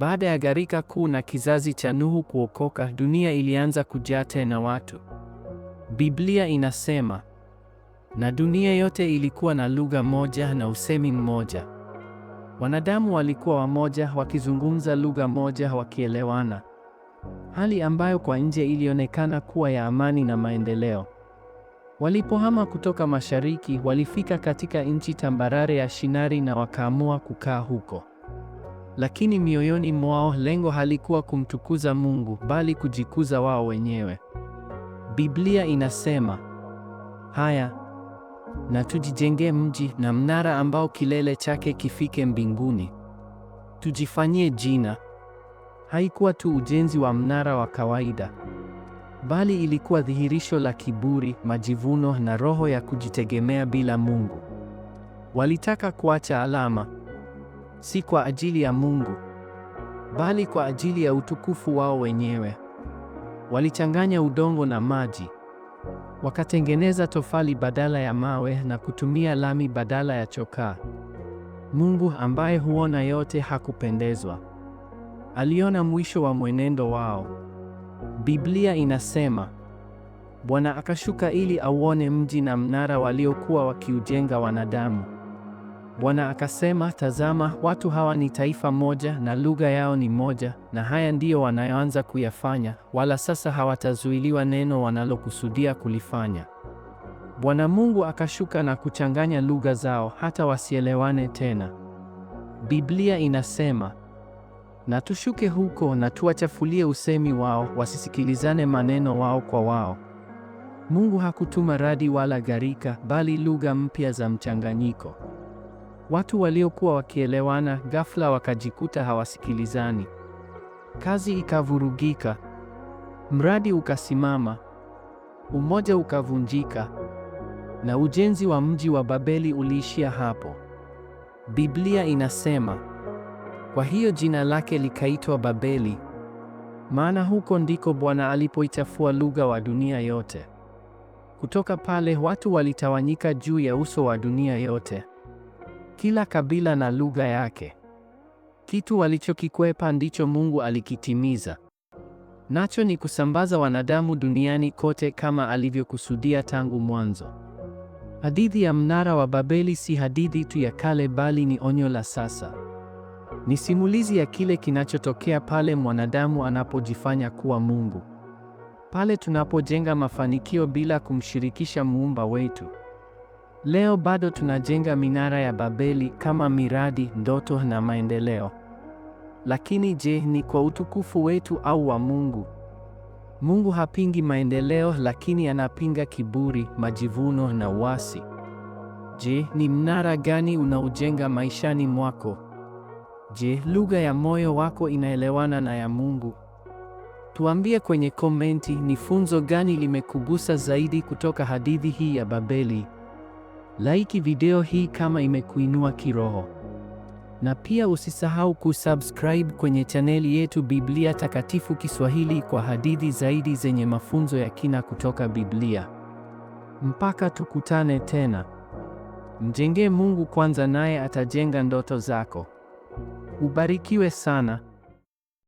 Baada ya gharika kuu na kizazi cha Nuhu kuokoka, dunia ilianza kujaa tena watu. Biblia inasema, na dunia yote ilikuwa na lugha moja na usemi mmoja. Wanadamu walikuwa wamoja, wakizungumza lugha moja, wakielewana, hali ambayo kwa nje ilionekana kuwa ya amani na maendeleo. Walipohama kutoka mashariki, walifika katika nchi tambarare ya Shinari na wakaamua kukaa huko lakini mioyoni mwao lengo halikuwa kumtukuza Mungu, bali kujikuza wao wenyewe. Biblia inasema haya, na tujijengee mji na mnara ambao kilele chake kifike mbinguni, tujifanyie jina. Haikuwa tu ujenzi wa mnara wa kawaida, bali ilikuwa dhihirisho la kiburi, majivuno na roho ya kujitegemea bila Mungu. Walitaka kuacha alama si kwa ajili ya Mungu, bali kwa ajili ya utukufu wao wenyewe. Walichanganya udongo na maji, wakatengeneza tofali badala ya mawe na kutumia lami badala ya chokaa. Mungu ambaye huona yote hakupendezwa. Aliona mwisho wa mwenendo wao. Biblia inasema, Bwana akashuka ili auone mji na mnara waliokuwa wakiujenga wanadamu. Bwana akasema, tazama, watu hawa ni taifa moja na lugha yao ni moja, na haya ndiyo wanayoanza kuyafanya, wala sasa hawatazuiliwa neno wanalokusudia kulifanya. Bwana Mungu akashuka na kuchanganya lugha zao hata wasielewane tena. Biblia inasema, na tushuke huko na tuwachafulie usemi wao, wasisikilizane maneno wao kwa wao. Mungu hakutuma radi wala gharika, bali lugha mpya za mchanganyiko. Watu waliokuwa wakielewana ghafla wakajikuta hawasikilizani. Kazi ikavurugika, mradi ukasimama, umoja ukavunjika, na ujenzi wa mji wa Babeli uliishia hapo. Biblia inasema, kwa hiyo jina lake likaitwa Babeli, maana huko ndiko Bwana alipoichafua lugha wa dunia yote. Kutoka pale watu walitawanyika juu ya uso wa dunia yote kila kabila na lugha yake. Kitu walichokikwepa ndicho Mungu alikitimiza, nacho ni kusambaza wanadamu duniani kote kama alivyokusudia tangu mwanzo. Hadithi ya mnara wa Babeli si hadithi tu ya kale, bali ni onyo la sasa. Ni simulizi ya kile kinachotokea pale mwanadamu anapojifanya kuwa Mungu, pale tunapojenga mafanikio bila kumshirikisha muumba wetu. Leo bado tunajenga minara ya Babeli kama miradi, ndoto na maendeleo. Lakini je, ni kwa utukufu wetu au wa Mungu? Mungu hapingi maendeleo, lakini anapinga kiburi, majivuno na uasi. Je, ni mnara gani unaojenga maishani mwako? Je, lugha ya moyo wako inaelewana na ya Mungu? Tuambie kwenye komenti ni funzo gani limekugusa zaidi kutoka hadithi hii ya Babeli. Like video hii kama imekuinua kiroho, na pia usisahau kusubscribe kwenye chaneli yetu Biblia Takatifu Kiswahili kwa hadithi zaidi zenye mafunzo ya kina kutoka Biblia. Mpaka tukutane tena, mjengee Mungu kwanza, naye atajenga ndoto zako. Ubarikiwe sana.